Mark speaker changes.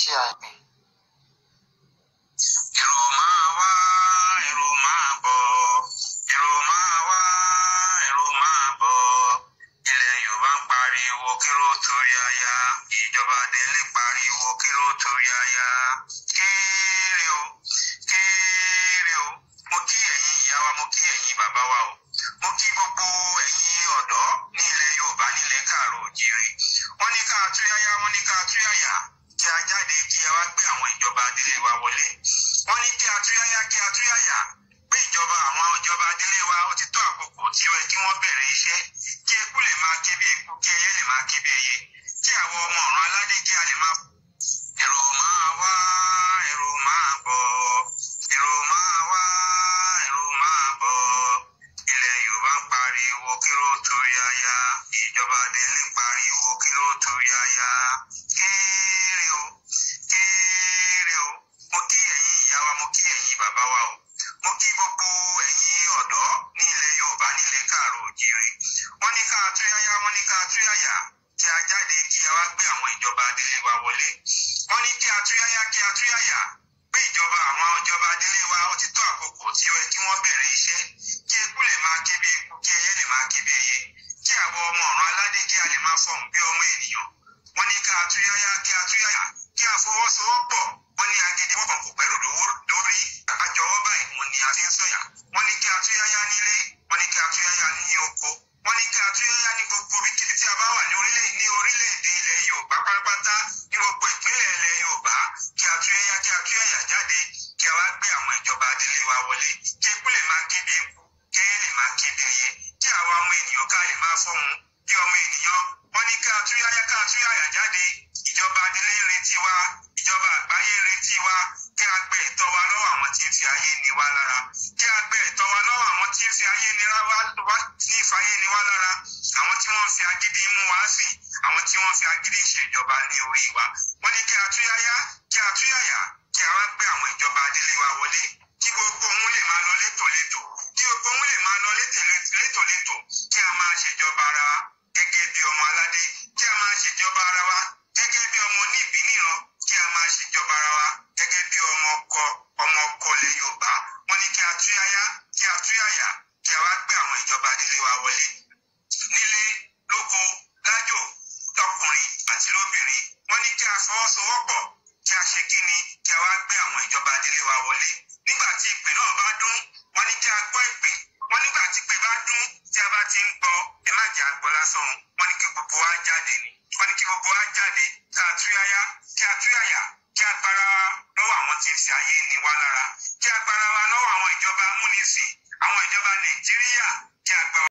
Speaker 1: ṣe àmì. èrò máa wá èrò máa bọ̀ èrò máa wá èrò máa
Speaker 2: bọ̀ ilẹ̀ Yorùbá ń pariwo kí ló torí aya ìjọba délé pariwo kí ló torí aya kéré o kéré o mo
Speaker 1: kí ẹ̀yin ìyá wa mo kí ẹ̀yin bàbá wa o mo kí gbogbo ẹ̀yin ọ̀dọ́ ní ilẹ̀ Yorùbá nílẹ̀ káàró òjìrè wọ́n ní ká túyáyá wọ́n ní ká túyáyá jẹ wá gbé àwọn ìjọba adílé wa wọlé wọ́n ní kí atúyáyá kí atúyáyá pé ìjọba àwọn ìjọba adílé wa ó ti tó àkókò tí ó yẹ kí wọ́n bẹ̀rẹ̀ iṣẹ́ kí eku lè máa ké bí kí ẹyẹ lè máa ké ẹyẹ kí àwọn ọmọ ọ̀ràn aládé kí a lè máa èrò máa wá
Speaker 2: èrò máa bọ̀.
Speaker 1: wa o mo kí gbogbo ẹ̀yin ọ̀dọ́ ní ilẹ̀ Yorùbá ní ilẹ̀ káàró òjìrì wọ́n ní ká túyáyá wọ́n ní ká túyáyá kí a jáde kí a wá gbé àwọn ìjọba adélé wa wọlé wọ́n ní kí a túyáyá kí a túyáyá pé ìjọba àwọn ìjọba adélé wa ó ti tó àkókò tí ó yẹ kí wọ́n bẹ̀rẹ̀ iṣẹ́ kí epo a tú ẹ̀yà kí a tú ẹ̀yà jáde kí a wá gbé àwọn ìjọba adílé wa wọlé kí eku lè máa ké bí eku kẹ́yẹ́ lè máa ké bí ẹyẹ kí àwa ọmọ ènìyàn ká lè máa fọ́mu bí ọmọ ènìyàn wọ́n ní ká tú ẹ̀yà ká tú ẹ̀yà jáde ìjọba adílé ń retí wa ìjọba àgbáyé ń retí wa kí a gbé ẹ̀tọ́ wa lọ́wọ́ àwọn tí ń fi ayé ni wa lára kí a gbé ẹ̀tọ́ wa lọ́wọ́ àwọn tí ń fi ayé ni wa tí ń ni wa lára àwọn tí wọ́n fi agídí mú wa sí àwọn tí wọ́n fi agídí ṣèjọba ní orí wa wọ́n ní kí a tú ẹ̀yà gbogbo wọn lè máa lọ létòlétò kí a máa ṣèjọba ara wa gẹ́gẹ́ bí ọmọ aládé kí a máa ṣèjọba ara wa gẹ́gẹ́ bí ọmọ oníbìníran kí a máa ṣèjọba ara wa gẹ́gẹ́ bí ọmọ ọkọ ọmọ ọkọ ilẹ̀ Yorùbá wọn ní kí a túyáyá kí a túyáyá kí a wá gbé àwọn ìjọba délé wa wọlé nílé lóko lájò lọkùnrin àti lóbìnrin wọn ní kí a fọwọ́sowọ́pọ̀ kí a ṣe kíni kí a wá gbé àwọn ìjọba délé wa wọlé nígbà tí ìpè náà bá dún wọn ní kí a jáde ni wọ́n ní kí gbogbo wa jáde kí a túyáyá kí a túyáyá kí a gbára lọ́wọ́ àwọn tí ń ṣe ayé ni wá lára kí a wa lọ́wọ́ àwọn ìjọba amúnisìn àwọn ìjọba Nàìjíríà kí a